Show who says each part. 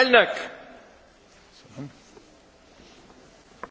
Speaker 1: elnök!